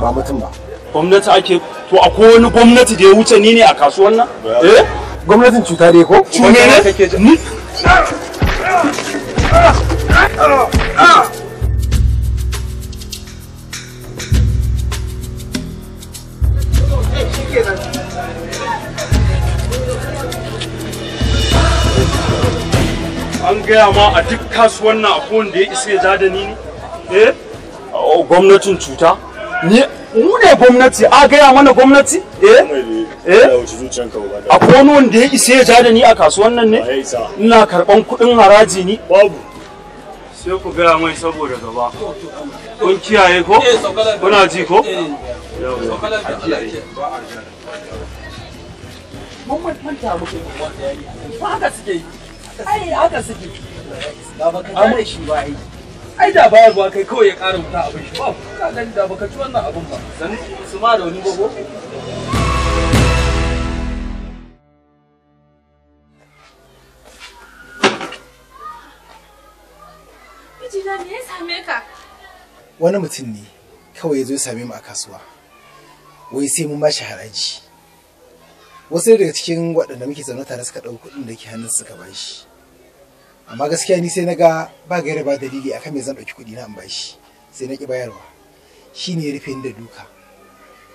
ba mutum ba gwamnati ake to akwai wani gwamnati da ya wuce ni ne a kasuwan nan eh gwamnatin cuta dai ko cume ne an gaya ma a duk kasuwan na akwai wanda ya isa ya ja da ni ne eh gwamnatin cuta mu ne gwamnati a gaya mana gwamnati eh eh akwai wani wanda ya isa ya ja da ni a kasuwan nan ne ina karban kuɗin haraji ni babu sai ku gaya mai saboda gaba kun kiyaye ko eh, kuna ji ko eh, mun ba haka suke yi ai haka suke ba ba shi ba ai ai da bayarwa kai kawai ya ƙara wuta abin shi ba ka gani da baka ci wannan abin ba Sani, su ma da wani gogo Mijina me ya same ka? Wani mutum ne kawai ya zo ya same mu a kasuwa. Wai sai mun bashi haraji. Wasu daga cikin waɗanda muke zaune tare suka ɗauki kuɗin da ke hannun suka bashi. amma gaskiya ni sai na ga ba gaira ba dalili akan me zan ɗauki kuɗi na in bashi sai na ki bayarwa shine rufe ni da duka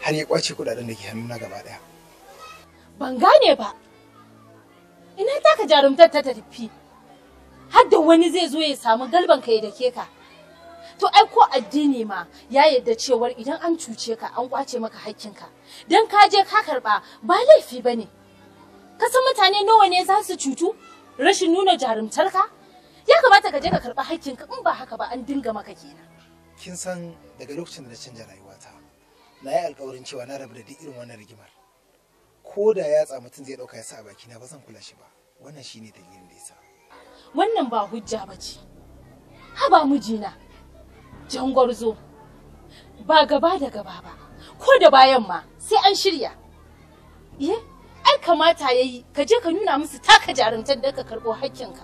har ya kwace kuɗaɗen da ke na gaba daya ban gane ba ina taka jarumtar ta tafi har da wani zai zo ya samu galban ka da ke ka to ai ko addini ma ya yadda cewar idan an cuce ka an kwace maka ka dan ka je ka karba ba laifi bane ka san mutane nawa ne za su cutu rashin nuna jarumtar ka ya kamata ka je ka karɓi haƙƙinka in ba haka ba an dinga maka kenan kin san daga lokacin da na canja rayuwata na yi alƙawarin cewa na rabu da duk irin wannan rigimar ko da ya yatsa mutum zai ɗauka ya sa a bakina ba zan kula shi ba wannan shine dalilin da yasa wannan ba hujja ba ce haba mijina jangwarzo ba gaba da gaba ba ko da bayan ma sai an shirya iye eh? ai kamata yayi ka je ka nuna musu taka jarumtar da ka karbo hakkinka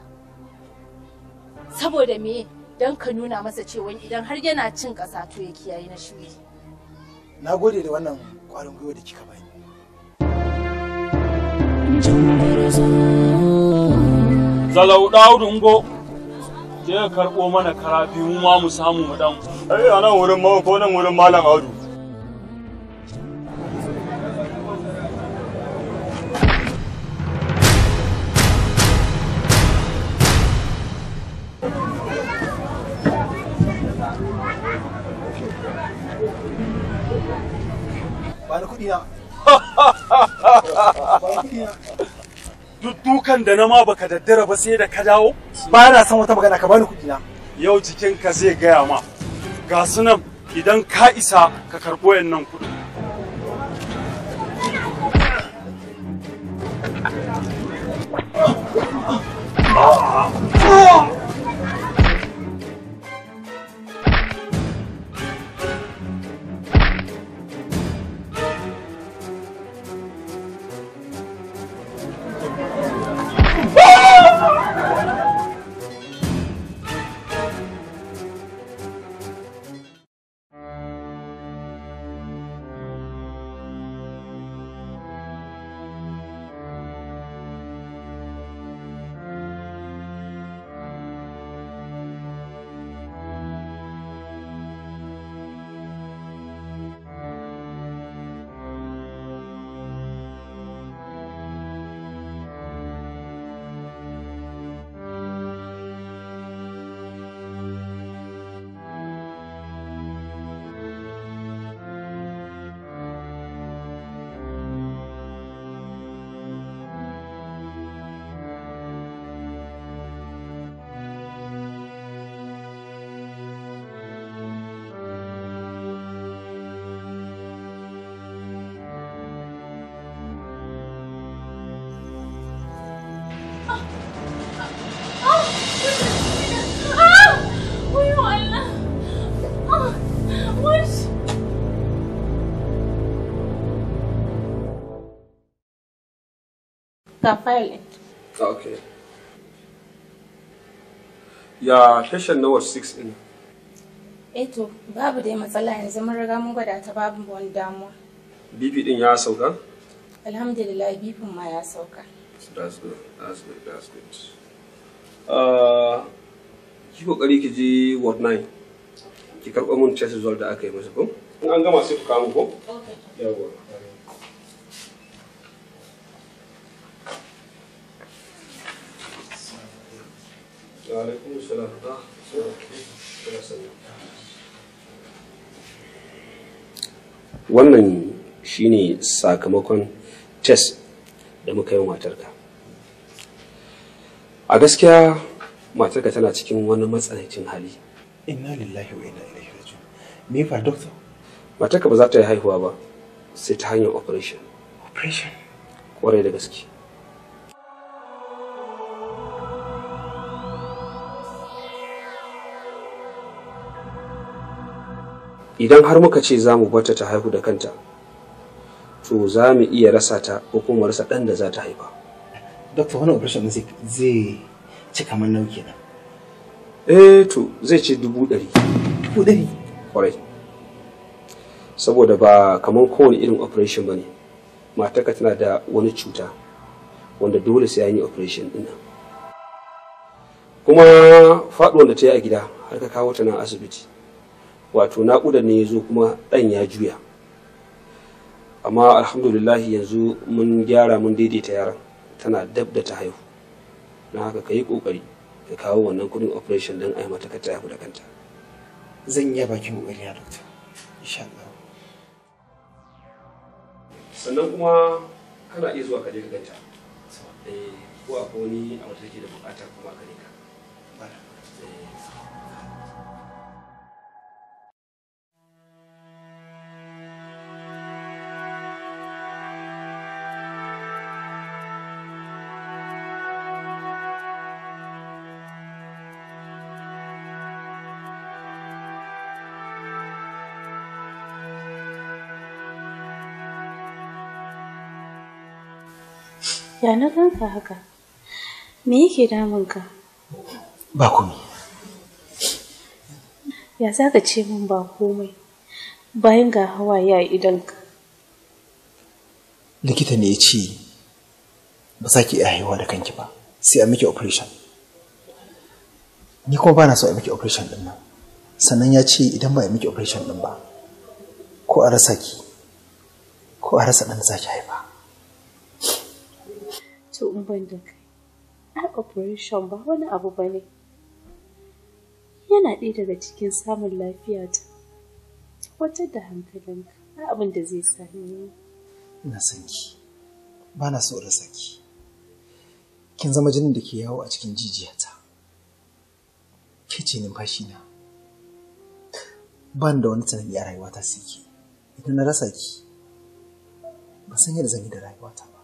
saboda me dan ka nuna masa cewa idan har yana cin ƙasa to ya kiyaye na shi na gode da wannan ƙwarin gwiwa da kika bani zalau daudu ngo je ka karbo mana kara biyu ma mu samu mu dan ai anan wurin mako nan wurin malam audu dukan da na ma baka daddara ba sai da ka dawo ba na san wata magana ka bani kuɗi na yau jikinka zai gaya ma ga sunan idan ka isa ka karɓo yannan kuɗi Oh! Ah. Ah. Mr. Okay. Ya tashan nawar 6 ɗin? Eto, eh babu dai matsala yanzu mun riga mun gwada ta babu wani damuwa. Bibi din ya sauka? Alhamdulillah bibin ma ya sauka. That's good, that's good, that's good. Uh, ki kokari ki je Ward 9. Ki karɓo mun test result da aka yi masa ko? In an gama sai ku kawo ko? Okay. Yawwa. wannan shine sakamakon test da muka yi matarka a gaskiya matarka tana cikin wani matsanancin hali inna lillahi wa inna ilaihi raji'un me fa doctor matarka ba za ta yi haihuwa ba sai ta hanyar operation operation kwarai da gaske idan har muka ce za mu bata ta haihu da kanta to za mu iya rasa ta ko kuma rasa ɗan da za ta haifa dokta wani operation zai ci kamar nau nan? eh to zai ce dubu ɗari dubu ɗari kwarai saboda ba kamar kowane irin operation ba ne matarka tana da wani cuta wanda dole sai an yi operation ɗin kuma faɗuwan da ta yi a gida har ka kawo ta nan asibiti wato naƙuda ne ya zo kuma ɗan ya juya amma alhamdulillah yanzu mun gyara mun daidaita yaran tana dab da ta haihu na haka ka yi ƙoƙari ka kawo wannan kudin operation don ai mata ka ta haihu da kanta zan iya bakin ƙoƙari ya dokta insha Allah sannan kuma kana iya zuwa ka je ka ganta eh ko akwai wani a wata take da bukata kuma ka Ya na ganka haka? Me yake damunka? Ba komai. Ya za ka ce min ba komai bayan ga hawaye a idanka? Likita ne ya ce ba za ki iya haihuwa da kanki ba sai a miki operation. Ni kuma ba na so a miki operation din nan. Sannan ya ce idan ba a miki operation din ba ko a rasa ki ko a rasa ɗan da za ki haifa. to in ban da kai ai operation ba wani abu ba ne yana ɗaya daga cikin samun lafiya ta wajen da hankalinka ba abin da zai sani ina son ki ba na so rasa ki kin zama jinin da ke yawo a cikin jijiyata ke ce numfashi na ban da wani tunani a rayuwata sai idan na rasa ki ban san yadda zan yi da rayuwata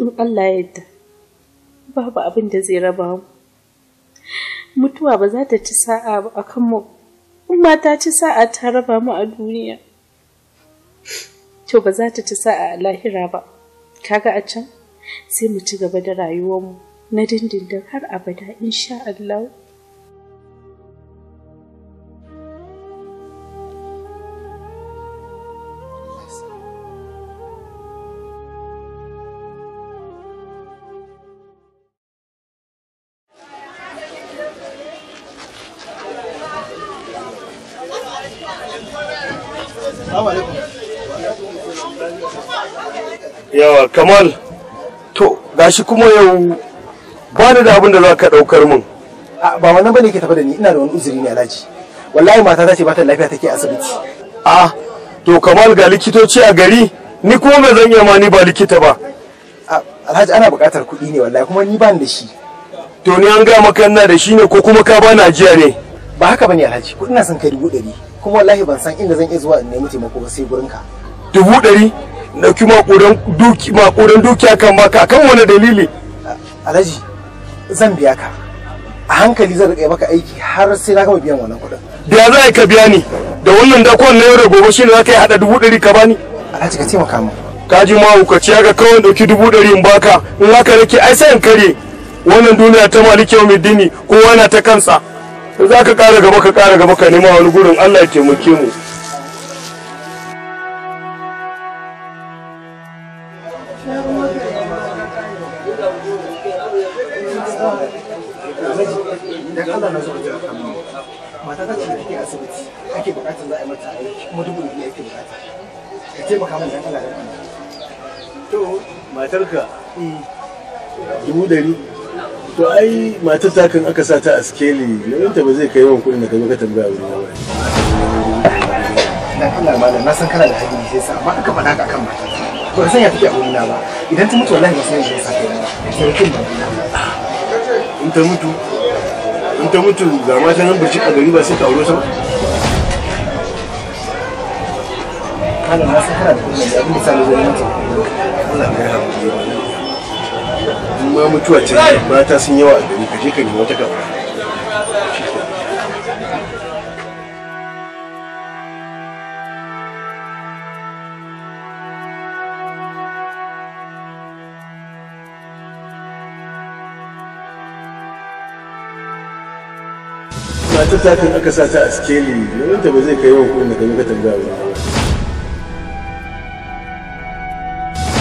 in Allah ya yarda babu abin da zai raba mu mutuwa ba za ta ci sa'a ba a kanmu in ma ta ci sa'a ta raba mu a duniya to ba za ta ci sa'a a lahira ba kaga a can sai mu ci gaba da rayuwar mu na dindindin har abada insha Allah kamal to gashi kuma yau ba ni da abin da za ka ɗaukar min ba wannan bane ke tafi da ni ina da wani uzuri ne alhaji wallahi mata ta ce ba ta lafiya take asibiti a to kamal ga likitoci a gari ni kuma ba zan yi ma ni ba likita ba alhaji ana buƙatar kuɗi ne wallahi kuma ni ba ni da shi to ni an gaya maka ina da shi ne ko kuma ka bani ajiya ne ba haka bane alhaji kuɗi na san kai dubu ɗari kuma wallahi ban san inda zan iya zuwa in nemi taimako ba sai gurinka dubu ɗari na ma makudan dukiya kan baka akan wani dalili alhaji zan biya ka a hankali zan rika maka aiki har sai na gama biyan wannan kuɗin da za ka biya ni da wannan dakon na yau da gobe shine za ka yi hada dubu ɗari ka bani alhaji ka taimaka min ka ji ma ka ci ga kawai dauki dubu ɗari in baka in haka nake ai sai in kare wannan duniya ta maliki yau dini kowa na ta kansa za ka ƙara gaba ka ƙara gaba ka nema wani gurin Allah ya taimake mu matar ta kan aka sa ta a skeli nauyin ta ba zai kai yawan kuɗin da ka zo ka tambaya wani ba dan Allah malam na san kana da hali sai sa amma aka faɗa ka kan matar. Ko san ya take a wurina ba idan ta mutu wallahi ba sai ya sa kai sai kin ba in ta mutu in ta mutu ga mata nan burci a gari ba sai ka aure ta ba malam na san kana da kuɗin da abin da sa ne zai mutu Allah ya haƙuri ma mutuwa ce mata sun yawa a gari ka ka nemi wata gaba matar ta kan aka sa ta a skeli yawanta ba zai kai wa kuɗin da ka tambaya ba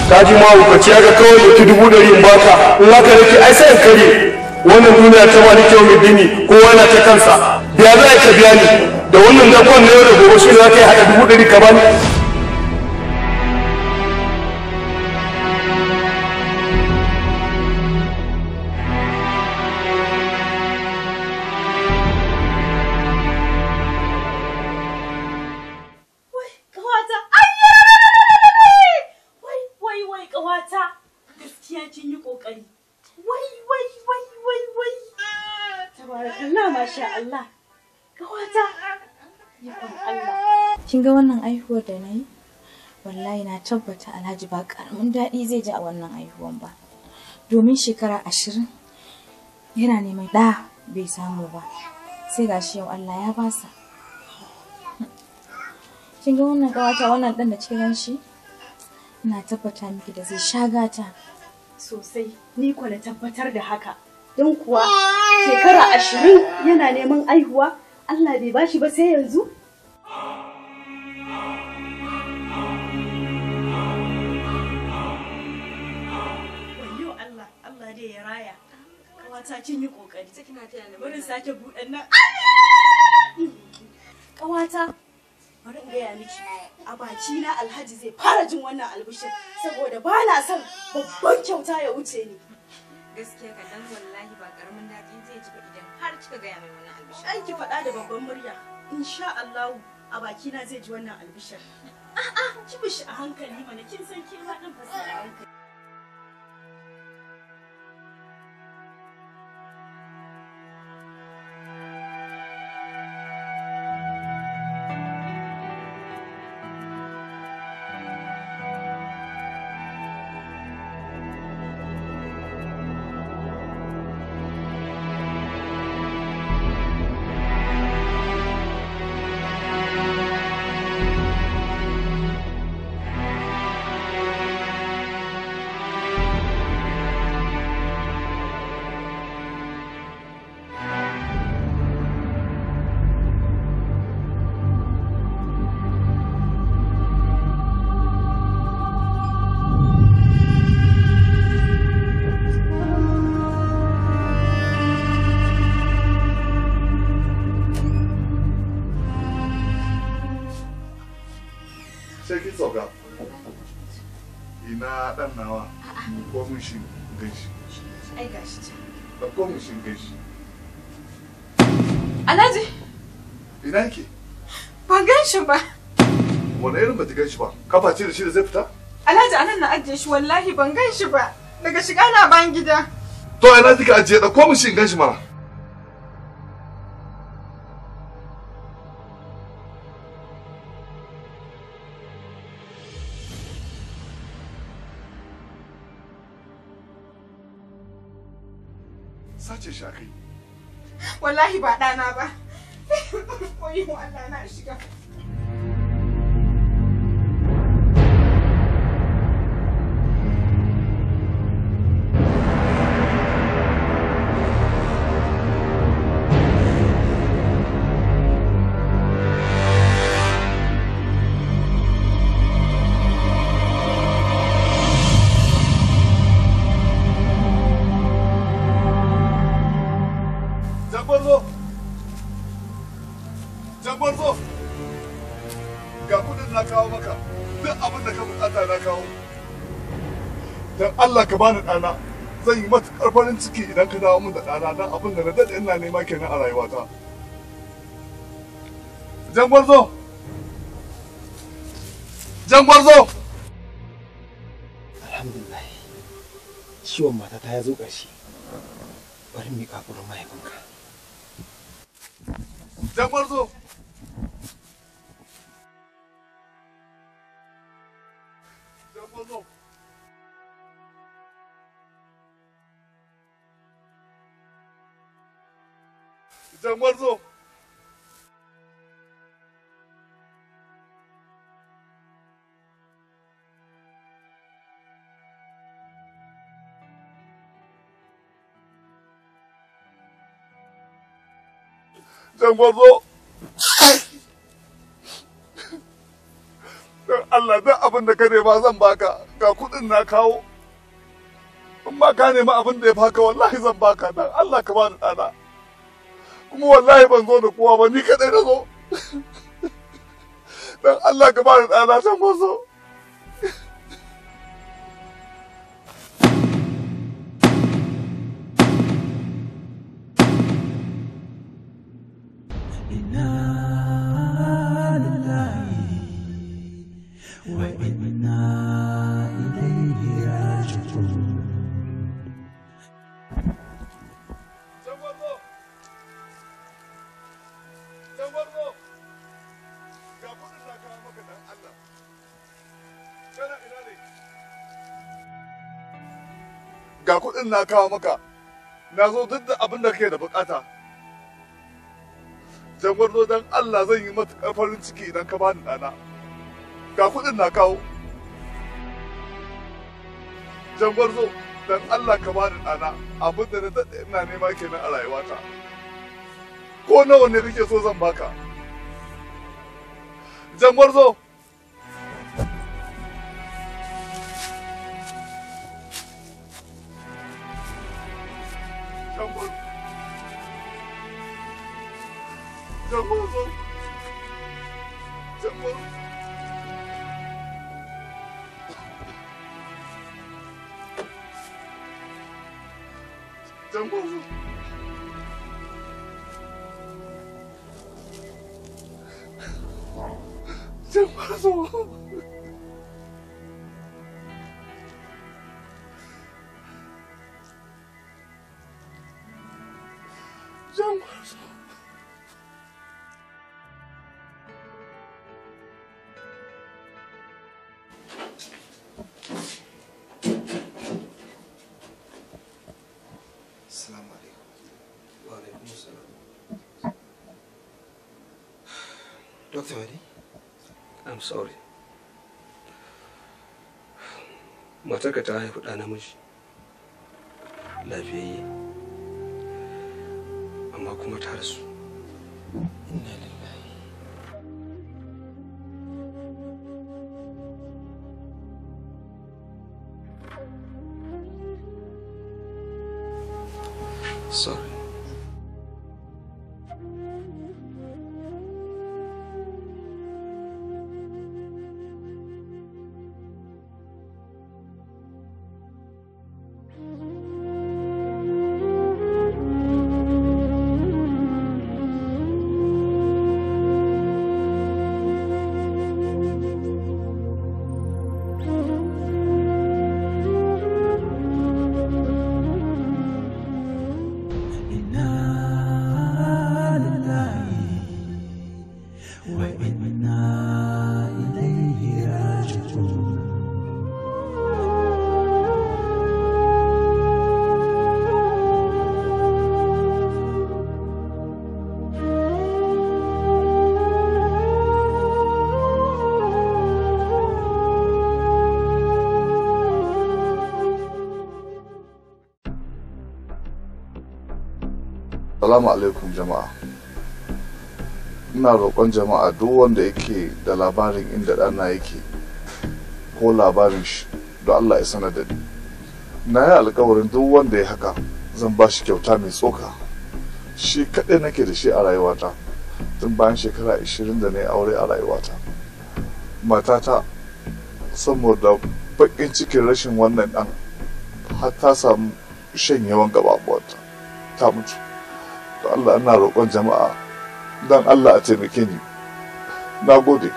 ka ji ma hukaci ya ga kawai yake dubu ɗari in baka in haka nake ai sai in karye wannan duniya ta wani kyau mai dini kowa na ta kansa biya za ka biya ni da wannan dakon na yau da gobe shi za ka yi haɗa dubu ɗari ka bani tabarakallah masha Allah kawata ikon Allah kin ga wannan aihuwar da nayi wallahi na tabbata Alhaji ba karamin daɗi zai ji a wannan aihuwan ba domin shekara ashirin yana neman ɗa bai samu ba sai ga shi yau Allah ya basa kin ga wannan kawata wannan ɗan da cikin ganshi ina tabbata miki da zai sha gata sosai ni kwa na tabbatar da haka don kuwa shekara ashirin yana neman aihuwa Allah bai bashi ba sai yanzu wayo Allah Allah dai ya raya kawata kin yi kokari ta kina tana da barin sake buɗan nan kawata bari in gaya miki a baki na alhaji zai fara jin wannan albishir saboda ba na son babban kyauta ya wuce ni gaskiya ka wallahi ba karamin daɗi zai ji ba idan har kika gaya mai wannan albishir ai ki faɗa da babban murya insha Allah a baki na zai ji wannan albishir a'a ki bishi a hankali mana kin san ke ma din fasara hankali sun gaji alhaji ina yake ban gan shi ba wani irin bata gan shi ba kafa ce da shi da zai fita alhaji anan na ajiye shi wallahi ban gan shi ba daga shiga na ban gida to ina kika ajiye da ko mu shi gan shi mana wallahi ba ɗana ba koyin wallahi na shiga bani ɗana zan yi matuƙar farin ciki idan ka dawo min da ɗana don abin da na daɗe ina nema kenan a rayuwata. Jan gwarzo! Jan Alhamdulillah, ciwon matata ya zo ƙarshe. Bari mi ƙaƙurin mahaifinka. Jan gwarzo! gwarzo gwarzo don Allah don abin da ka nema zan baka ga kudin na kawo in ba ka nema abin da ya baka wallahi zan baka don Allah ka bani ɗana. kuma wallahi ban zo da kowa ba ni kadai na zo dan Allah ka bani ɗana can ban zo enough. kuɗin na kawo maka na zo duk da abin da kake da bukata jangwarzo don allah zan yi matuƙar farin ciki idan ka bani ɗana ga kuɗin na kawo jangwarzo don allah ka bani ɗana abin da na daɗe ina nema kenan a rayuwata ko nawa ne kake so zan baka jangwarzo Othmani, I'm sorry. Matarka ta haifi ɗa namiji, lafiyayye, amma kuma ta rasu. Assalamu alaikum jama'a. Ina roƙon jama'a duk wanda yake da labarin inda ɗana yake ko labarin shi don Allah ya sanar da ni. Na yi alkawarin duk wanda ya haka zan ba shi kyauta mai tsoka. Shi kaɗai nake da shi a rayuwata tun bayan shekara 20 da na yi aure a rayuwata. Matata saboda baƙin cikin rashin wannan ɗan har ta samu shan yawan gaba ta mutu. Allah ina roƙon jama'a don Allah a taimake ni na gode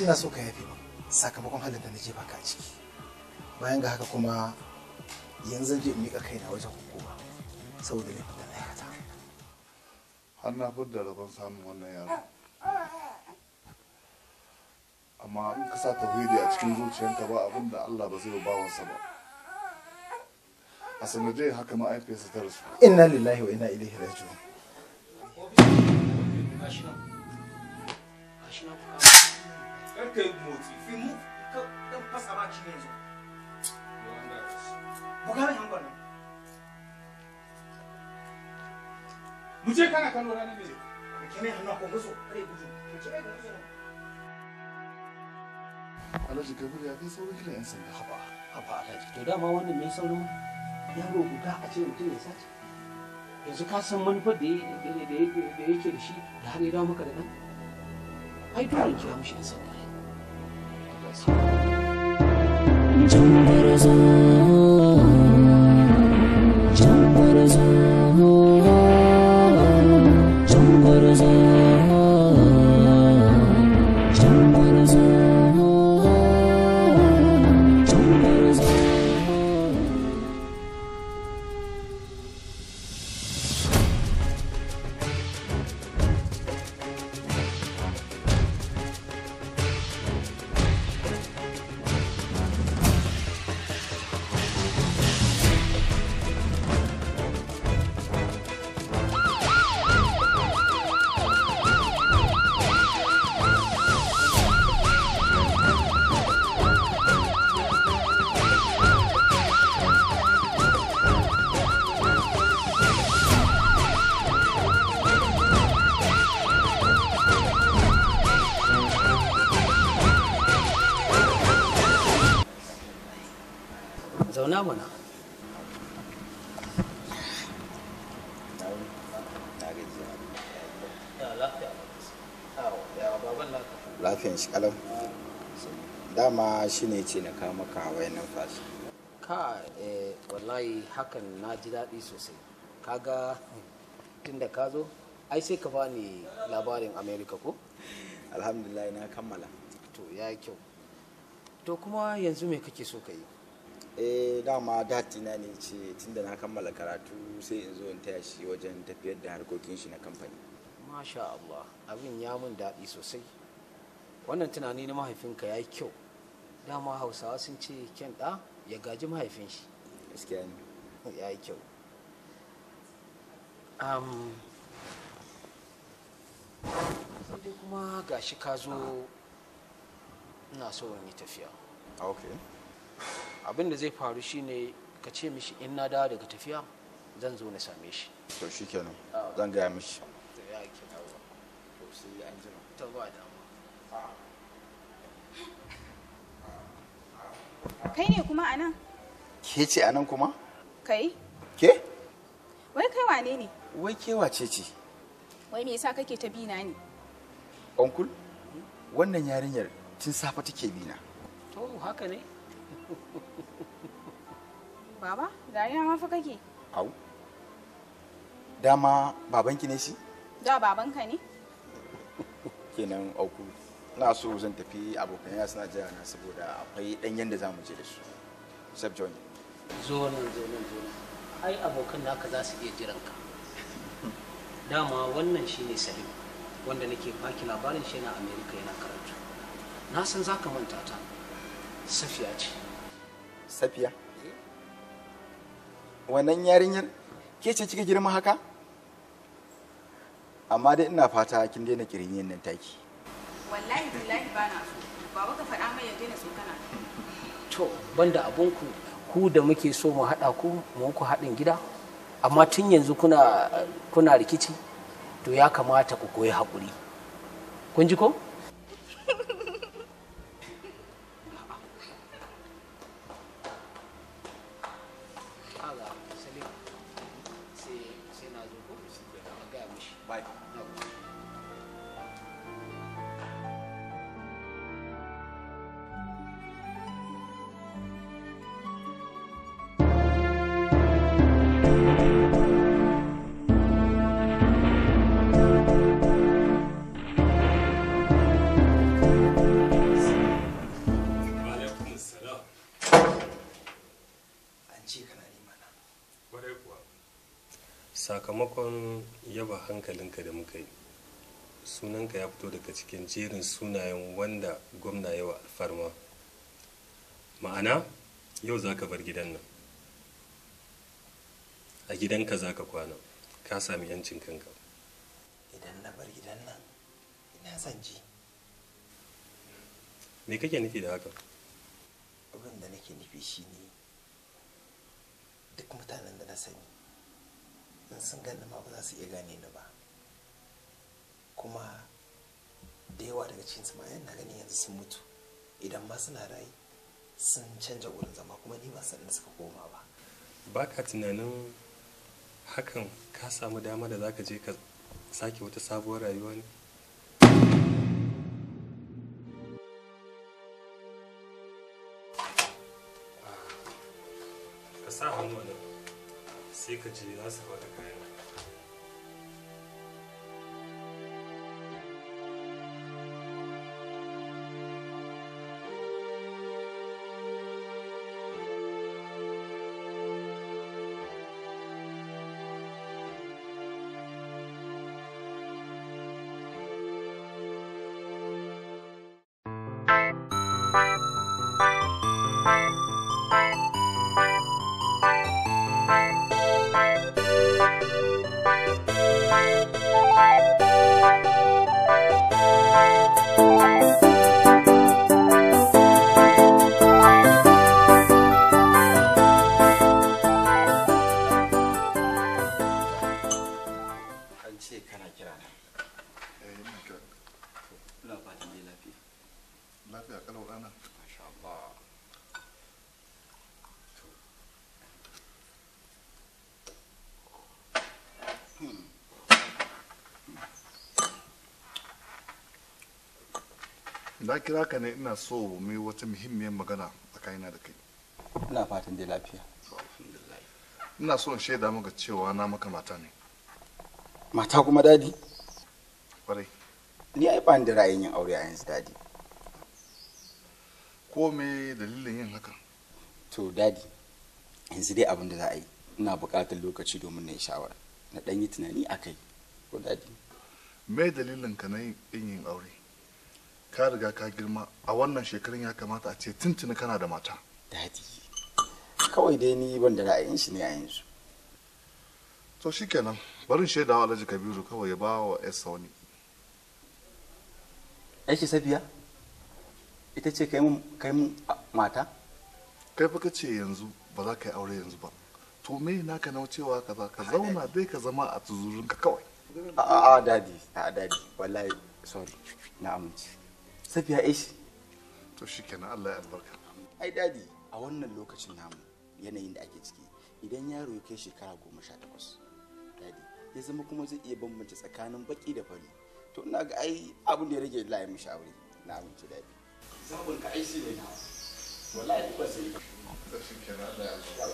ina so ka yafe ba sakamakon halin da na je baka a ciki bayan ga haka kuma yanzu je in mika kaina wajen hukuma saboda laifin da na aikata har na fidda rabon samun wannan yaro amma in ka sa tauhidi a cikin zuciyarka ba abin da Allah ba zai ba wansa ba a sanadiyar haka ma'aikata ta rasu inna lillahi wa inna ilaihi raji'un kar ka yi mu ɗan fasa ba cikin yanzu buga mai hankali mu je kana kano ranar ne ka ko kene ga musu Alhaji Kabir ya kai saurin kiran 'yan sanda haba haba Alhaji to dama wannan mai saurin yaro guda a ce mutum ya sace yanzu ka san manufar da yake da shi da har ya dawo maka da nan ai dole kira mushi sanda Jones. shi ne ce na kama kawai nan fashi ka eh, wallahi hakan na ji daɗi sosai kaga tun da ka zo ai sai ka bani labarin america ko alhamdulillah na kammala to ya yi kyau to kuma yanzu me kake so ka yi eh dama datina ne ce tun da na kammala karatu sai in zo in taya shi wajen tafiyar da harkokin shi na kamfani masha Allah abin ya mun daɗi sosai wannan tunani na mahaifinka ya yi kyau dama hausawa sun ce ken ɗa ya gaji mahaifin shi gaskiya ne ya yi kyau sai dai kuma gashi ka zo ina so in yi tafiya abin da zai faru shine ka ce mishi in na dawo daga tafiya zan zo na same shi to shi kenan zan gaya mishi ya ke to sai an ba da Kai ne kuma a nan? Ke ce a nan kuma? Kai? Ke? Wai kai wane ne? Wai ke wace ce? Wai me yasa kake ta bina ne? Onkul, wannan yarinyar tun safa take bina. To haka ne? Baba, dariya ma fa kake? Au. Dama babanki ne shi? Da babanka ne? Kenan aukulu. na so zan tafi abokan ya suna jira na saboda akwai dan yanda zamu je da su sab join zo nan zo nan zo ai abokan naka za su iya jiran ka dama wannan shine salim wanda nake faki labarin shi na america yana karatu na san zaka manta ta safiya ce safiya eh. wannan yarinyar ke ce kika girma haka amma dai ina fata kin daina kirinyen nan taki wallahi wallahi ba na so baba ka faɗa mai ya daina tsokana to banda abun ku da muke so mu haɗa ku mu ku haɗin gida amma tun yanzu kuna kuna rikici to ya kamata ku koyi haƙuri kun ji ko Bye. sakamakon yaba hankalinka da muka yi sunanka ya fito daga cikin jerin sunayen wanda gwamna yawa alfarma ma'ana yau za ka bar gidan nan a gidanka za ka kwana ka sami yancin kanka idan na bar gidan nan ina zan ji me kake nufi da haka abin da nake nufi shine duk mutanen da na sani in sun gani ma ba za su iya gane ni ba kuma da yawa daga cikin su ma na gani yanzu sun mutu idan ma suna rai sun canja wurin zama kuma ni ba san da suka koma ba ba ka tunanin hakan ka samu dama da zaka je ka sake wata sabuwar rayuwa ne sai ka ce za su na kira ka ne ina so mai wata muhimmiyar magana a kaina da kai ina fatan dai lafiya ina so in shaida maka cewa na maka mata ne mata kuma dadi kwarai ni ai ban da ra'ayin yin aure a yanzu dadi ko me dalilin yin haka. to dadi yanzu dai abin da za a yi ina buƙatar lokaci domin na yi shawara na ɗan yi tunani a kai ko dadi me dalilin ka na yin aure ka riga ka girma a wannan shekarun ya kamata a ce tuntuni kana da mata dadi kawai dai ni ban da ra'ayin shi ne a yanzu to shikenan barin shaidawa alhaji kabiru kawai ya ba wa yarsa wani aiki safiya ita ce kai mun mata kai fa ce yanzu ba za ka yi aure yanzu ba to me naka na cewa kaza ka zauna dai ka zama a tuzurinka kawai a a dadi a dadi wallahi sorry na amince safiya ishi to shikenan Allah ya albarka ai dadi a wannan lokacin namu yanayin da ake ciki idan yaro ya kai shekara goma sha takwas dadi ya zama kuma zai iya bambance tsakanin baki da fari to ina ga ai abin da ya rage layin mishi aure na amince dadi zaɓin ka aishi ne na wallahi ba sai to shikenan Allah ya albarka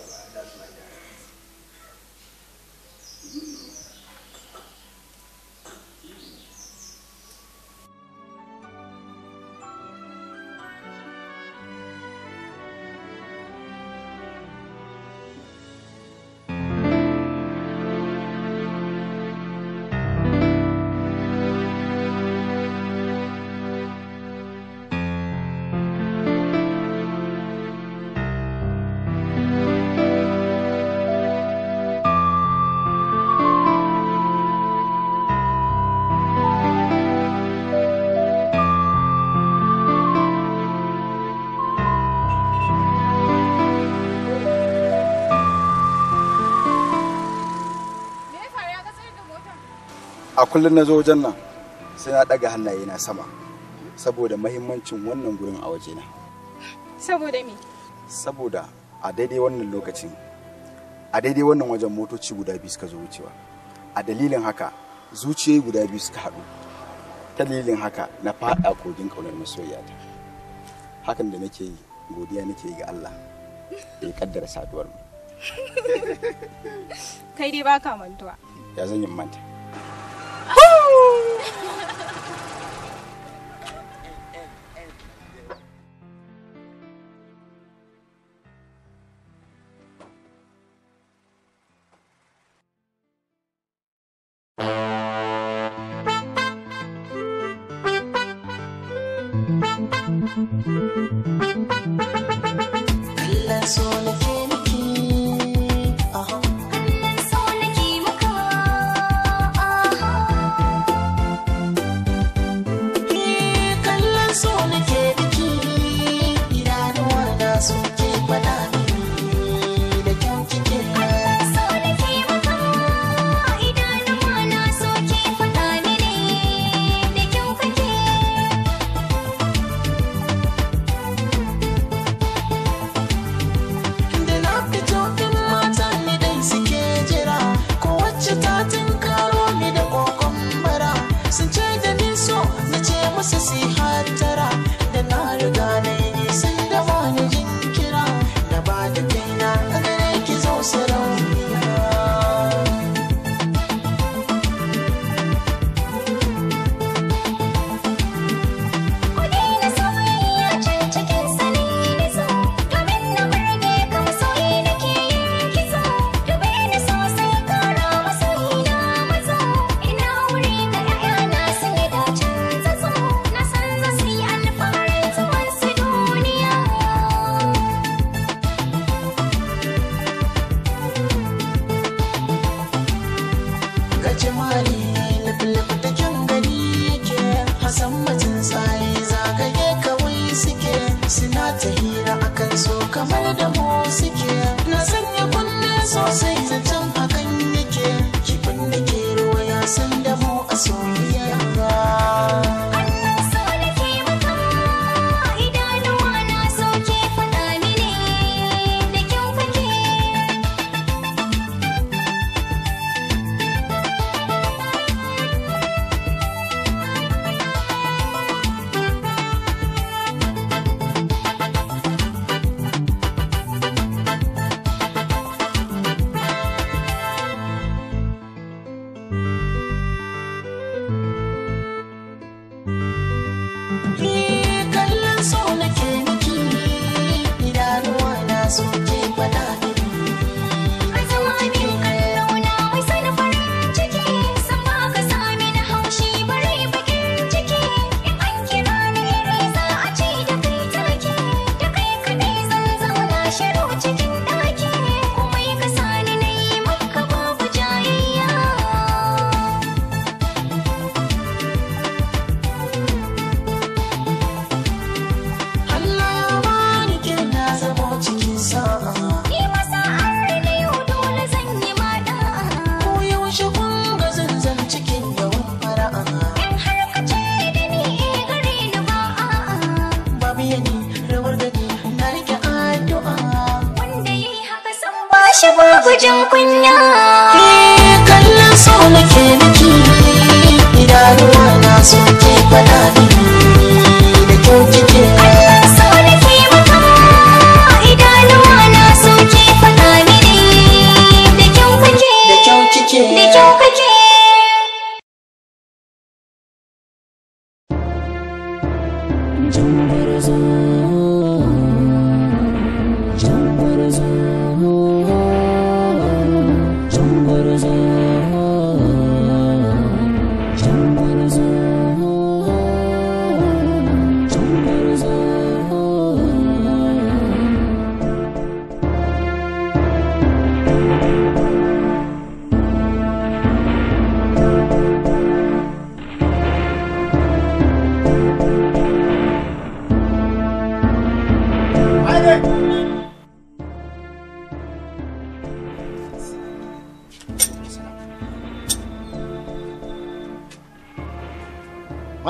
kullum na zo wajen nan sai na ɗaga hannaye na sama saboda mahimmancin wannan gurin a wajena. Saboda me? Saboda a daidai wannan lokacin a daidai wannan wajen motoci guda biyu suka zo wucewa a dalilin haka zuciyoyi guda biyu suka haɗu ta dalilin haka na faɗa kogin ƙaunar masoyiyata hakan da nake yi godiya nake yi ga Allah da ya kaddara saduwar mu kai dai baka mantuwa ya zan yi manta Woo!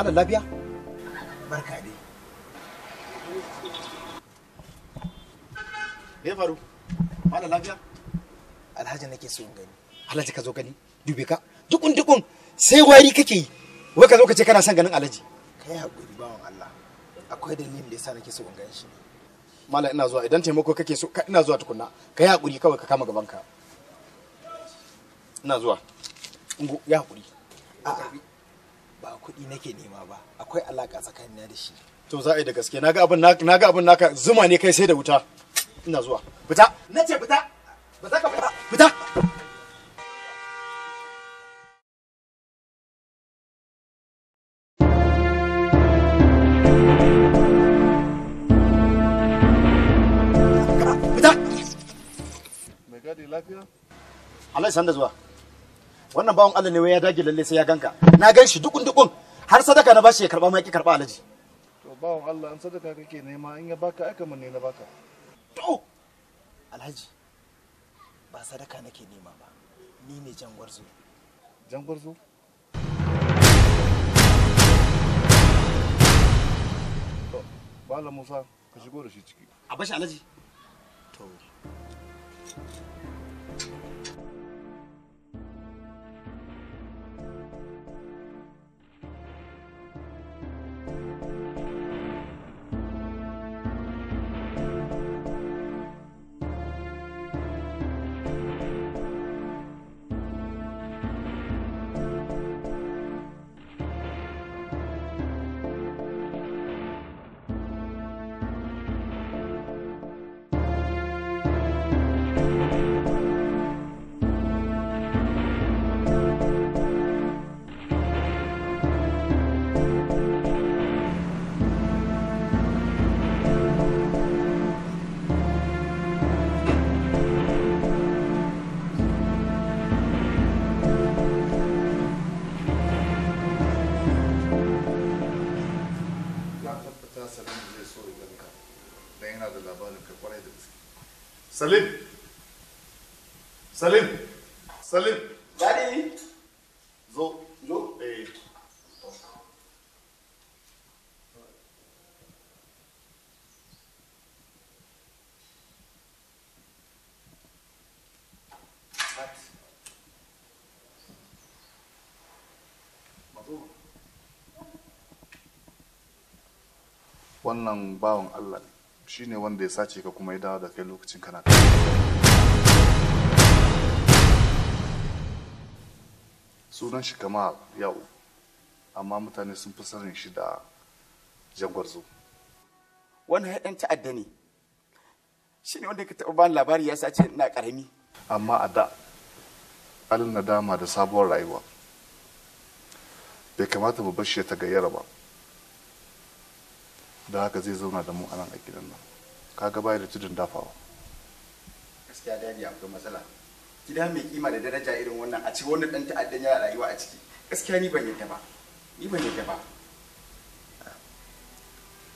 malam lafiya barka dai me faru malam lafiya alhaji nake so in gani alhaji ka zo gani dube ka dukun dukun sai wari kake yi wai ka zo ka ce kana son ganin alhaji kai hakuri bawan Allah akwai dalilin da yasa nake so in gani shi Mala ina zuwa idan taimako kake so ina zuwa tukunna kai hakuri kawai ka kama gaban ka ina zuwa ya hakuri a'a ba kuɗi nake nema ba akwai alaka tsakanina da shi to za a yi da gaske naga abin naga abin naka zuma ne kai sai da wuta ina zuwa fita na ce fita ba za ka fita fita Alai sanda zuwa. wannan bawan Allah ne wai ya dage lalle sai ya ganka na gan shi dukun dukun har sadaka na bashi ya karba ma ki karba alaji to bawan Allah an sadaka kake nema in ya baka aka mun ne na baka to alhaji ba sadaka nake nema ba ni ne jangwarzo jangwarzo to bala Musa ka shigo da shi ciki a bashi alaji to Salim. Salim. Salim. Daddy. Zo. Zo. Hey. wannan bawan Allah ne shine wanda ya sace ka kuma ya dawo da kai lokacin kana sunan shi kamar yau amma mutane sun fi sanin shi da jangwarzo wannan haɗin ta'adda ne Shi ne wanda ka taɓa bani labari ya sace na ƙarami amma a da alin nadama da sabuwar rayuwa bai kamata mu bashi shi ta gayyara ba da haka zai zauna da mu a nan a gidan nan kaga bai da tudun dafawa gaskiya dadi akwai matsala gida mai kima da daraja irin wannan a ci wani dan ta'addan yana rayuwa a ciki gaskiya ni ban yadda ba ni ban yadda ba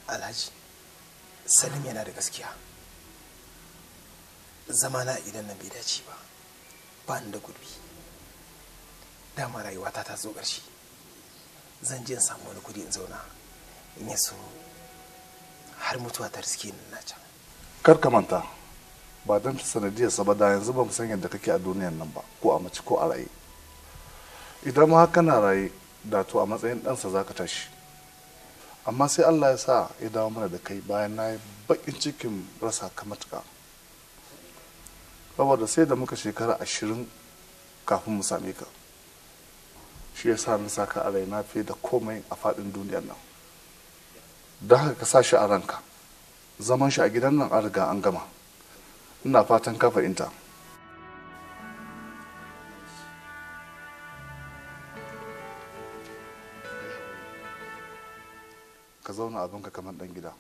alhaji salim yana da gaskiya zamana idan nan bai dace ba ba ni da gurbi dama rayuwata ta zo ƙarshe zan je in samu wani kudi in zauna in yi yaso har mutuwa ta riske ni na can kar ka manta ba don sanadiyar sa ba da yanzu ba mu san yadda kake a duniyar nan ba ko a mace ko a raye idan ma kana raye da to a matsayin ɗansa za ka tashi amma sai allah ya sa ya dawo mana da kai bayan na yi baƙin cikin rasa ka matuka saboda sai da muka shekara ashirin kafin mu same ka shi ya sa na saka a raina fiye da komai a faɗin duniyar nan Da haka ka sa shi a ranka zaman shi a gidan nan an riga an gama ina fatan ka fahimta ka zauna abinka kamar dan gida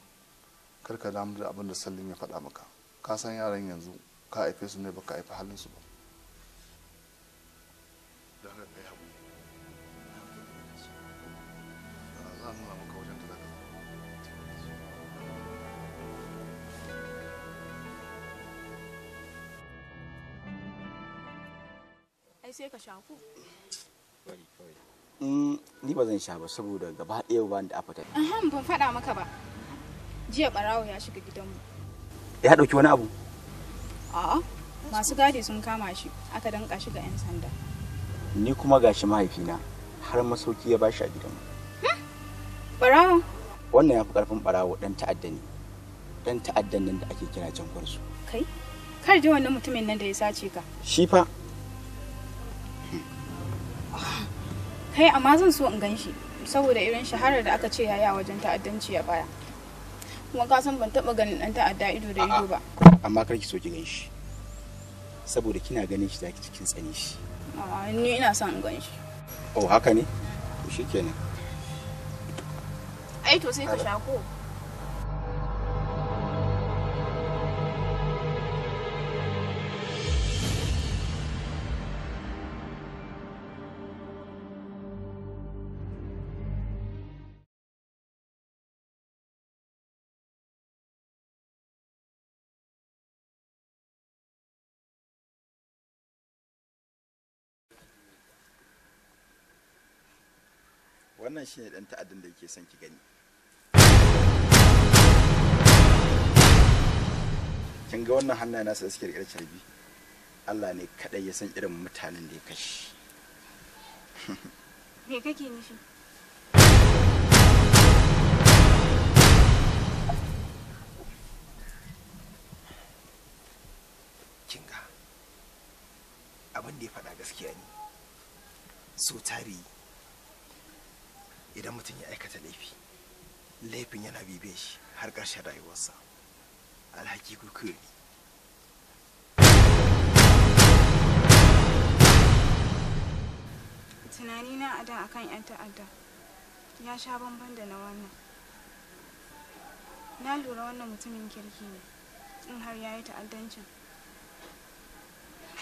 kar ka damu da abin da sallin ya faɗa maka ka san yaran yanzu ka haife su ne baka haifi halin su ba sai ka shafu? Mm, ni ba zan sha ba saboda gaba ɗaya ba da afata ahan ban faɗa maka ba jiya barawo ya shiga gidanmu ya ɗauki wani abu a'a masu gadi sun kama shi aka danka shi ga 'yan sanda ni kuma gashi mahaifina har masauki ya bashi a gidanmu barawo wannan ya fi karfin barawo dan ta'adda ne dan ta'addan nan da ake kira can kwarsu kai kar ji wannan mutumin nan da ya sace ka shi fa kai amma zan so in gan shi saboda irin shaharar da aka ce yaya wajen ta'addanci a baya kuma ka san ban taba ganin dan ta'adda ido da ido ba amma kar ki so ki gan shi saboda kina ganin shi zaki cikin tsani shi ni ina son in gan shi oh haka ne to shikenan ai to sai ka sha ko wannan shi ne dan ta'addan da yake son ki gani kin ga wannan hannaye nasa da suke rike Allah ne kadai ya san irin mutanen da ya kashi me kake nufi kinga abin da ya faɗa gaskiya ne so tarihi idan mutum ya aikata laifi laifin yana bibe shi har ƙarshen rayuwarsa alhaki kuku ne Tunani na ada akan 'yan ta'adda ya sha bamban da na wannan na lura wannan mutumin kirki ne in har ya yi ta'addancin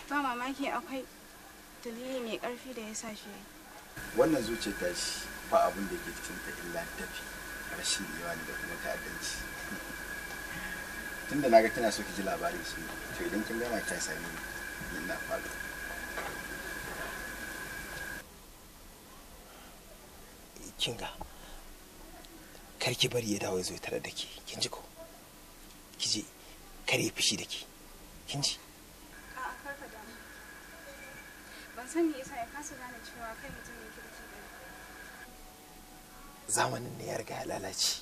ba mamaki akwai dalili mai ƙarfi da ya sa shi wannan zuciya ta shi ba abin da ke cikin ta illa dafi rashin imani da kuma ta'addanci tunda naga kina so ki ji labarin shi to idan kin gama ki sami ni ina fada kinga kar ki bari ya dawo zai tare da ke kin ji ko ki je kare fushi da ke kin ji ban sani isa ya kasa gane cewa kai mutum ne ke zamanin ne ya riga ya lalace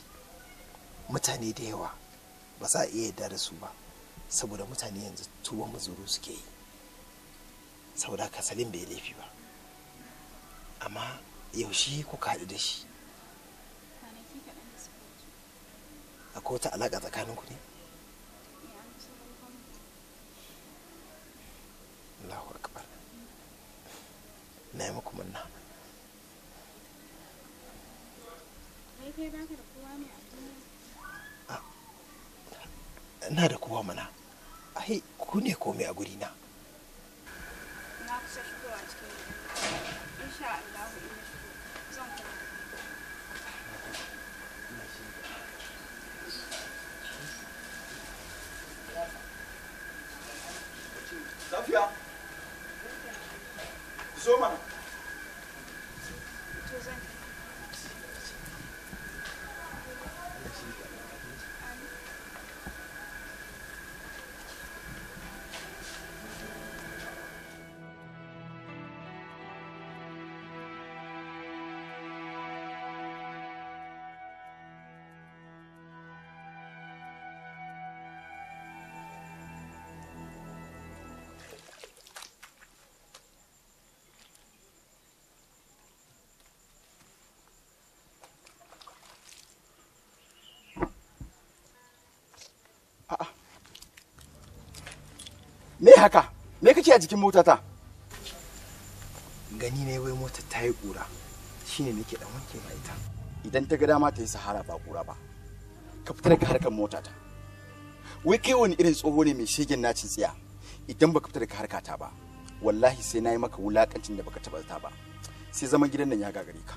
mutane da yawa ba za a iya yarda da su ba saboda mutane yanzu tuwa mazuru suke yi saboda ka salim bai laifi ba amma yaushe kuka haɗu da shi akwai wata alaƙa ku ne eh, Allahu akbar na yi muku munna Ah, na da kowa mana ai ku ne komai a guri na Na kusa shigowa cikin insha Allah shigo zan kuma Lafiya, zo mana. me haka me kake a jikin motata gani ne wai mota ta yi ƙura shine nake dan wanke ma ita idan ta ga dama ta yi sahara ba kura ba ka fita daga harkar motata wai kai wani irin tsoho ne mai shegen nacin tsiya idan baka fita daga harkata ba wallahi sai na yi maka wulakancin da baka taba ta ba sai zaman gidan nan ya gagare ka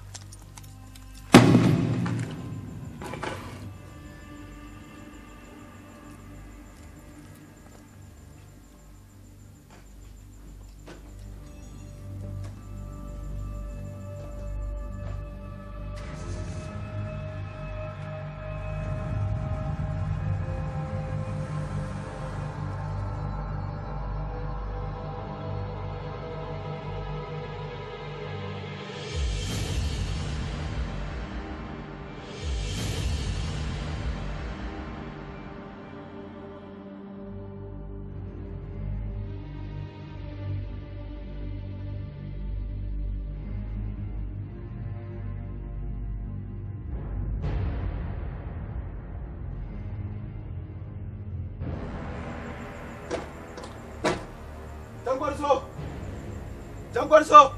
gwarzo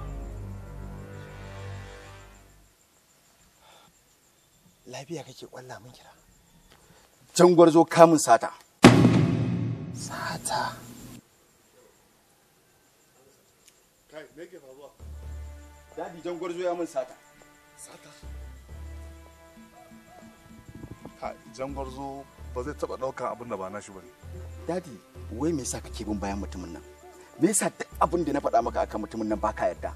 lafiya kake kwalla min kira can gwarzo kamun sata sata kai me ke faruwa dadi gwarzo ya min sata sata kai gwarzo ba zai taba daukan abin da ba nashi bane dadi wai me yasa kake bin bayan mutumin nan me yasa duk abin da na faɗa maka akan mutumin nan baka yarda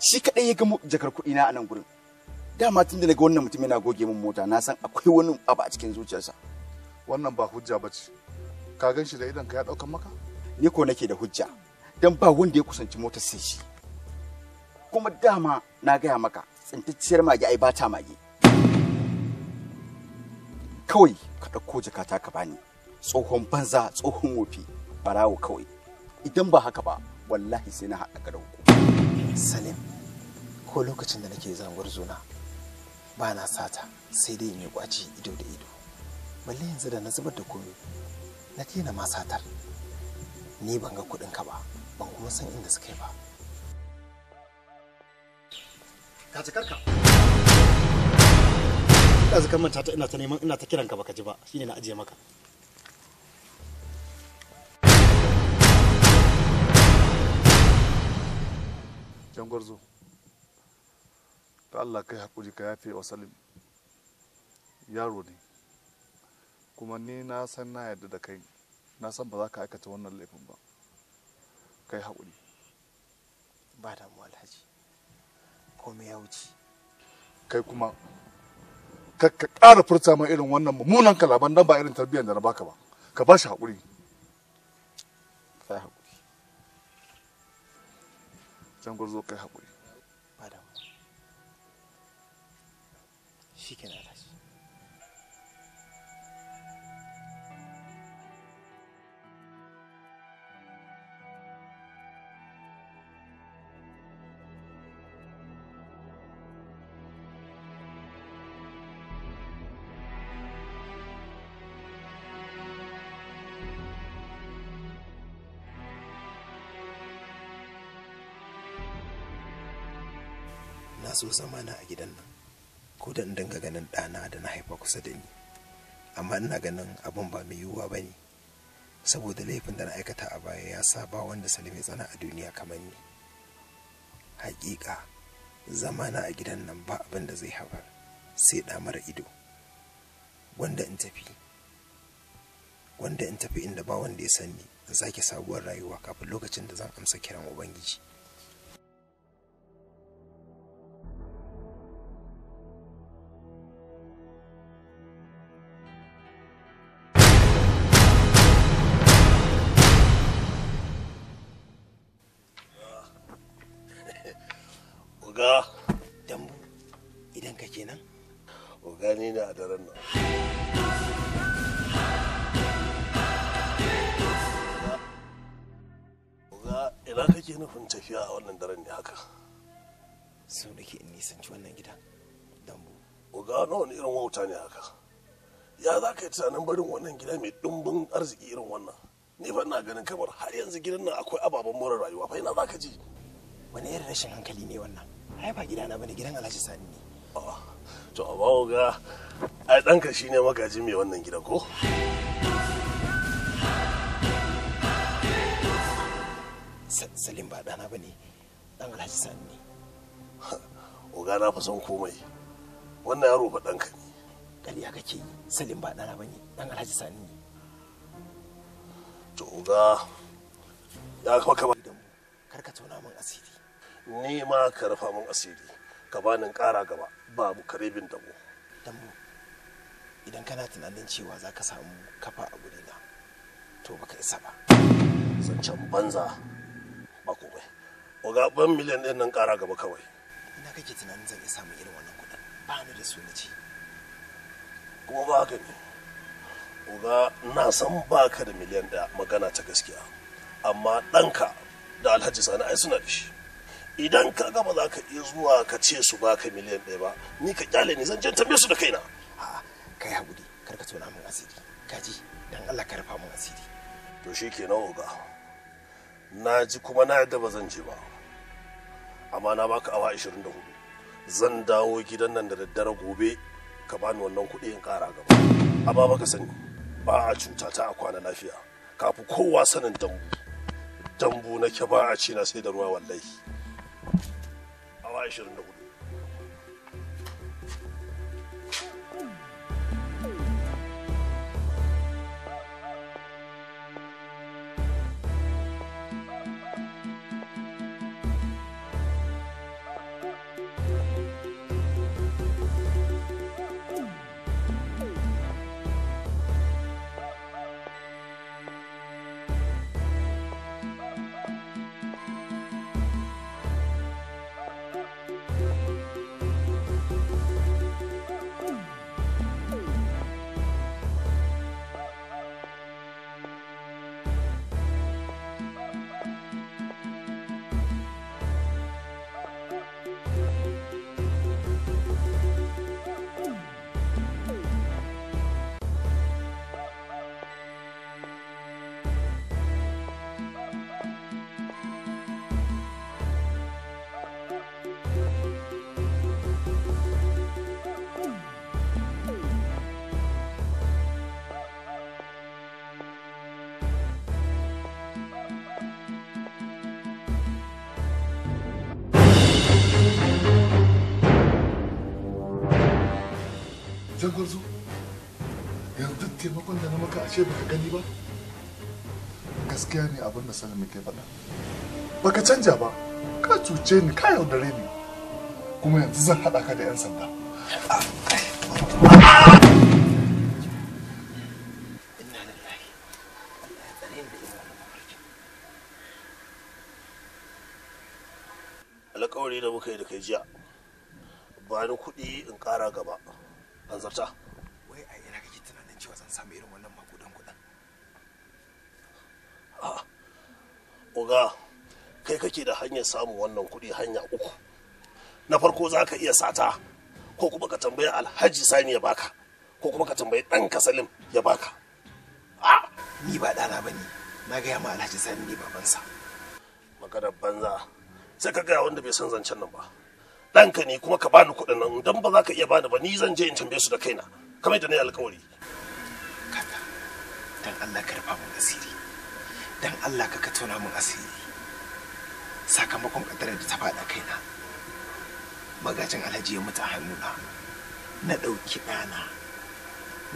shi kaɗai ya ga jakar kuɗi na a nan gurin dama tun da naga wannan mutum yana goge min mota na san akwai wani abu a cikin zuciyarsa wannan ba hujja ba ce ka gan shi da idan ka ya ɗaukan maka ni ko nake da hujja dan ba wanda ya kusanci motar sai shi kuma dama na gaya maka tsintacciyar mage ai bata mage kawai ka ɗauko jakata ka bani tsohon banza tsohon wofi barawo kawai idan ba haka ba wallahi sai na haɗa ka da salim ko lokacin da nake zangon zuna ba na sata sai dai mai kwaci ido da ido balle yanzu da na zubar da komi na daina ma satar ni ban ga kuɗinka ka ba ban kuma san inda suka yi ba ka ji karka ɗazu kan manta ta ina ta neman ina ta kiranka baka ji ba shine na ajiye maka jan gwarzo ta allah kai haƙuri ka yafe wa salim yaro ne kuma ni na san na yarda da kai na san ba za ka aikata wannan laifin ba kai haƙuri ba mu alhaji komai ya wuce kai kuma ka ƙara furta ma irin wannan mummunan kalaban nan ba irin tarbiyyar da na baka ba ka ba shi haƙuri can gwarzo kai haƙuri. Madam, shi kenan so na a gidan nan ko da in dinga ganin ɗana da na haifa kusa da ni amma ina ganin abun ba mai yiwuwa ba ne saboda laifin da na aikata a baya ya sa ba wanda salim ya tsana a duniya kamar ni zama na a gidan nan ba abin da zai haifar sai ɗa mara ido wanda in tafi wanda in tafi inda ba wanda ya sani zaki sabuwar rayuwa kafin lokacin da zan amsa kiran ubangiji ina kake nufin tafiya a wannan daren ne haka so da ke nisanci wannan gida dambu ga wani irin wauta ne haka ya za ka yi tunanin barin wannan gida mai ɗumbin arziki irin wannan ni fa ina ganin kamar har yanzu gidan nan akwai ababen more rayuwa fa ina za ka ji wani irin rashin hankali ne wannan ai ba gidana bane gidan alhaji sani ne to amma ga ai ɗanka shine magaji mai wannan gida ko salim ba ɗana ba ne ɗan alhaji sani ne oga na fasan komai wannan yaro ba ɗanka ne ƙarya kake yi salim ba ɗana ba ne ɗan alhaji sani ne to oga ya kafa kama da mu kar ka tona min asiri ni ma ka rafa min asiri ka bani ƙara gaba ba mu karebin dabo dambo idan kana tunanin cewa za ka samu kafa a gurina to baka isa ba zancen banza Oga ban miliyan ɗin nan ƙara gaba kawai ina kake tunanin zan iya samun irin wannan kuɗin ba ni da su na ci kuma ba haka ne uga na san ba ka da miliyan ɗaya magana ta gaskiya amma ɗanka da alhaji sani ai suna da shi idan ka gama za ka iya zuwa ka ce su ba ka miliyan ɗaya ba ni ka kyale ni zan je tambaye su da kaina a'a kai hakuri kar ka tona min asiri kaji dan Allah ka rufa min asiri to shikenan uga na ji kuma na yadda ba zan je ba amma na baka awa 24 zan dawo gidan nan da daddare gobe ka bani wannan kuɗi in ƙara gaba amma baka sani ba a cuta ta a kwana lafiya kafi kowa sanin dambu dambu nake ba a cina sai da ruwa wallahi awa 24 kun zo yanzu taimakon da na maka ce baka gani ba gaskiya ne abin da sanin muke faɗa baka canja ba ka cuce ni ka yaudare ni kuma yanzu zan haɗa ka da 'yan sanda alkawari da muka yi da kai jiya ba ni kuɗi in ƙara gaba manazarta wai a ina kake tunanin cewa zan samu irin wannan makudan kudin oga kai kake da hanyar samun wannan kuɗi hanya uku na farko za ka iya sata ko kuma ka tambayi alhaji sani ya baka ko kuma ka tambayi ɗanka salim ya baka a ni ba ɗana ba ne na gaya ma alhaji sani ne babansa maganar banza sai ka gaya wanda bai san zancen nan ba ɗanka ne kuma ka bani kuɗin nan don ba za ka iya bani ba ni zan je in tambaye su da kaina kamar da na yi alkawari kaka dan Allah ka rufa mun asiri dan Allah ka ka tona mun asiri sakamakon kadarar da ta faɗa kaina magajin alhaji ya mutu a hannuna na ɗauki ɗana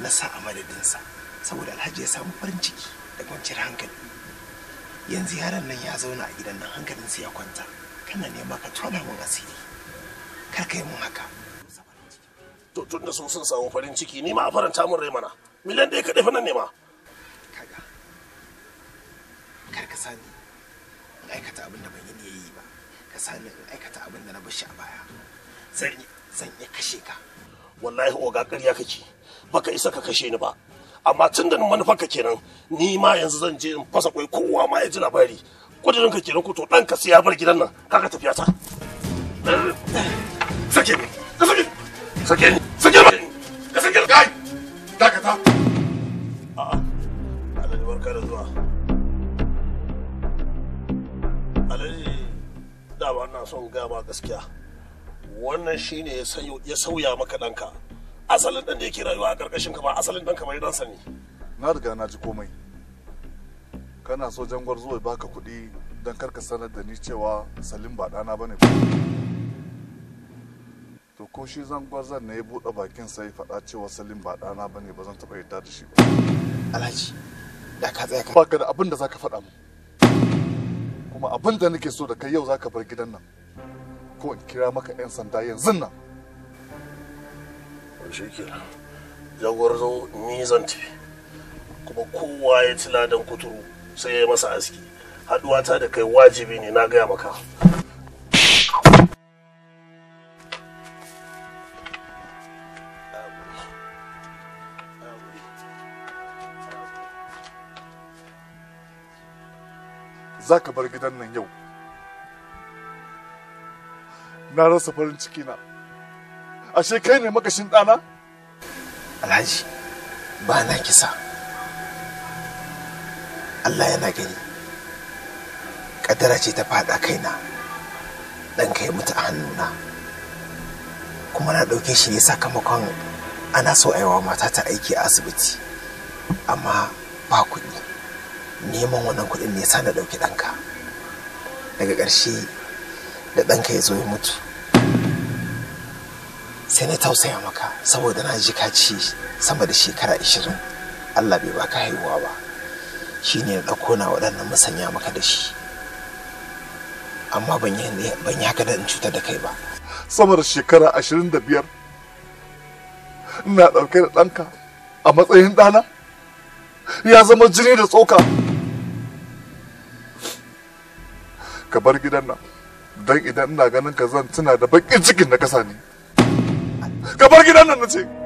na sa a sa saboda alhaji ya samu farin ciki da kwanciyar hankali yanzu yaron nan ya zauna a gidan nan hankalin su ya kwanta kana nema ka tona mun asiri kar ka yi mun haka to tun da sun samu farin ciki ni ma a faranta min rai mana miliyan ɗaya ka fa nan ne ma kaga kar ka sani in aikata abin da ban yi ne yi ba ka sani in aikata abin da na bashi a baya zan iya kashe ka wallahi oga ƙarya kake baka isa ka kashe ni ba amma tun da ka kenan ni ma yanzu zan je in fasa kwai kowa ma ya ji labari ka kenan ku to ɗanka sai ya bar gidan nan kaka tafiya ta sake ni ka sake sake kai da zuwa alhaji na son gaba gaskiya wannan shine ya sauya maka danka asalin ɗan da yake rayuwa a ƙarƙashin ka ba asalin danka bai dan sani na riga na ji komai kana so jangwar zuwa baka kuɗi don karka sanar da ni cewa salim ba ɗana ba ne to ko shi zan zangwazan ne ya buɗe bakin sai faɗa cewa salim ba ɗana ba ne ba zan taɓa yarda da shi ba alhaji da ka tsaya ka baka da abin da zaka faɗa mu kuma abin da nake so da kai yau zaka bar gidan nan ko in kira maka 'yan sanda yanzu nan shi kenan jagwarzo ni zan tafi kuma kowa ya ci ladan kuturu sai ya masa aski haɗuwata da kai wajibi ne na gaya maka za ka bar gidan nan yau na rasa farin ciki na ashe kai ne makashin ɗana alhaji ba na kisa allah yana gani ƙadara ce ta faɗa kaina ɗan kai mutu a hannuna kuma na ɗauke shi ne sakamakon ana so aiwa mata ta aiki a asibiti amma ba kuɗi neman wannan kuɗin ne sa na ɗauki ɗanka daga ƙarshe da ɗanka ya zo ya mutu sai na tausaya maka saboda na ji ka ci sama da shekara ashirin allah bai baka haihuwa ba shi ne na ɗauko na waɗannan musanya maka da shi amma ban yi haka da in cutar da kai ba sama da shekara ashirin da biyar ina ɗauke da ɗanka a matsayin ɗana ya zama jini da tsoka ka bar gidan nan don idan ina ganin ka zan tuna da bakin cikin na kasa ne ka bar gidan nan na ce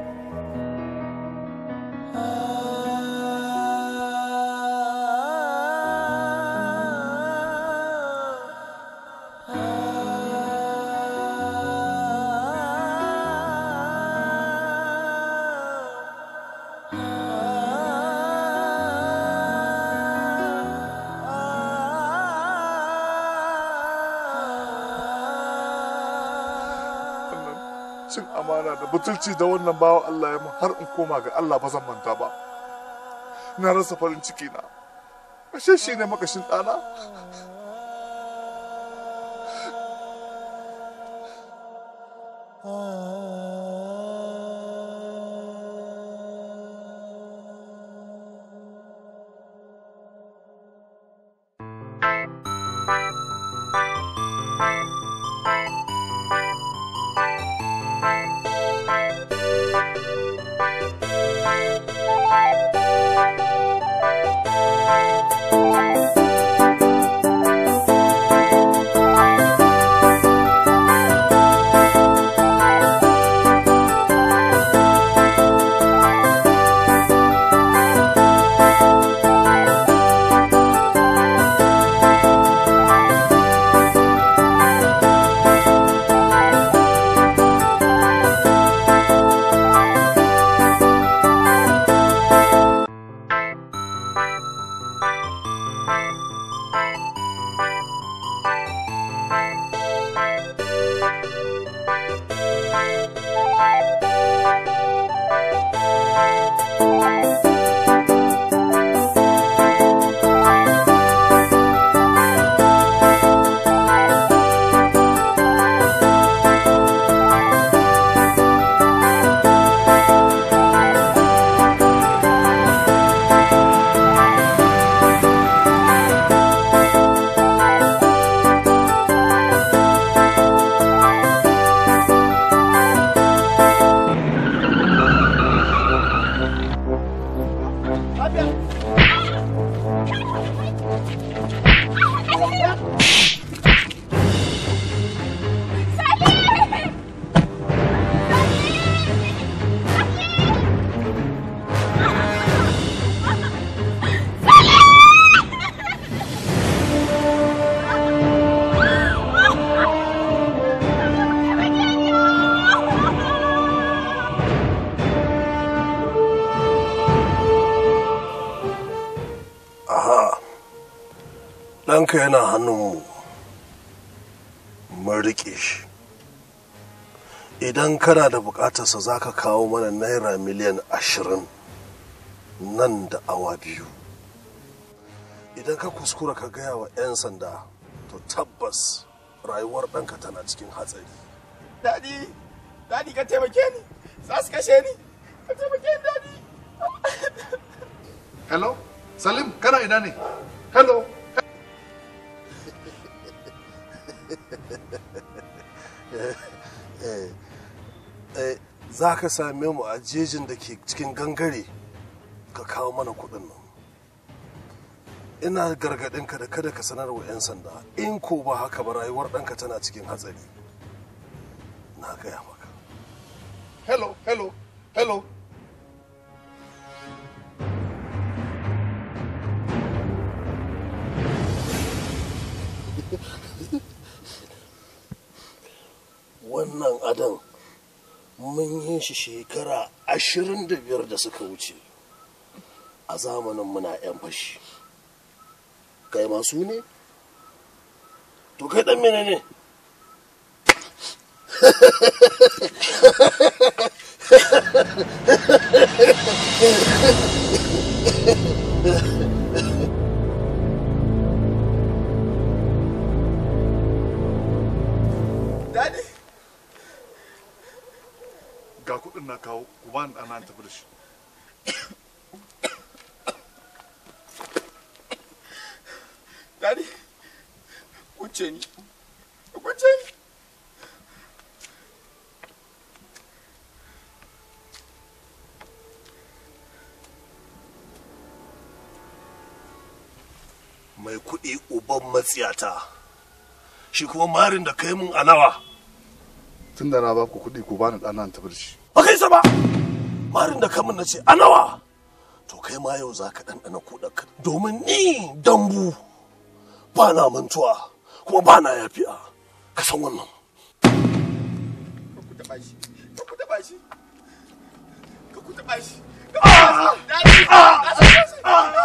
ina da butulci da wannan bawa Allah ya mu har in koma ga Allah ba zan manta ba na rasa farin ciki na ashe shi ne makashin ɗana ɗanka yana hannunmu mun riƙe shi idan kana da buƙatarsa za ka kawo mana naira miliyan ashirin nan da awa biyu idan ka kuskura ka gaya wa 'yan sanda to tabbas rayuwar ɗanka tana cikin hatsari daɗi daɗi ka taimake ni za su kashe ni ka taimake ni daɗi hello salim kana ina ne hello Eh, eh, za ka same mu a jejin da ke cikin gangare ka kawo mana kuɗin nan ina gargaɗin ka da kada ka sanar wa 'yan sanda in ko ba haka ba rayuwar ɗanka tana cikin hatsari na gaya maka hello hello hello wannan adan mun yi shi shekara ashirin da biyar da suka wuce a zamanin muna 'yan fashi kai masu ne to kai dan mene ne na kawo ku ba ni ɗana tafi da shi Daddy, ni, ni. Mai kuɗi uban matsiyata, shi kuma marin da kai mun a tun da na ba ku kuɗi ku bani ɗana tafi da shi. ba kai ba marin da kamun na ce a nawa to kai ma yau za ka ɗanɗana kuɗaka domin ni dambu ba na mantuwa kuma ba na yafiya ka san wannan ku Ah! Ah! ah! ah!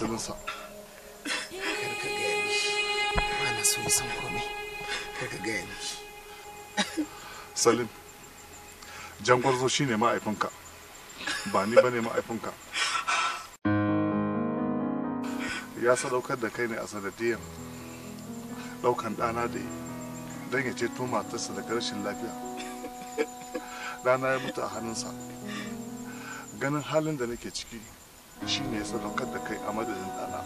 asalinsa salim jan gwarzo ne ma'aifinka ba ni bane ma'aifinka ya sadaukar da kai ne a sanadiyan daukan dana da don ya ceto matarsa daga rashin lafiya dana ya mutu a hannunsa ganin halin da nake ciki shi ne ya sadaukar da kai a madadin ɗana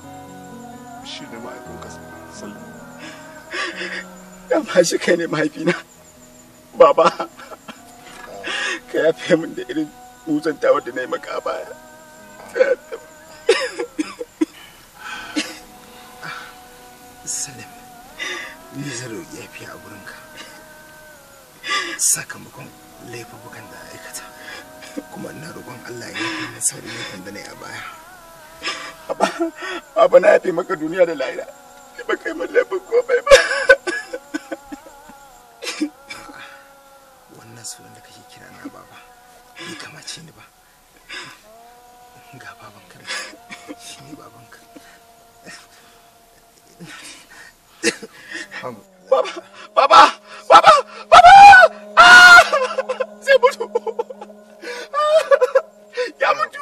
shi ne ma'aikun ka sallu dama shi kai ne mahaifina baba ka ya yafe min da irin tawar da na yi maka baya salim ni zan roƙi fiye a gurinka sakamakon laifukan da aikata kuma ina roƙon Allah ya yi min sauri ne da na a baya Baba na yafe maka duniya da lahira ki ba kai min laifin bai ba wannan sunan da kake kira na baba bai kamace ni ba ga baban ka, shi ne babanka Baba, baba, baba, baba! Ah! Sai mutu! 야무져.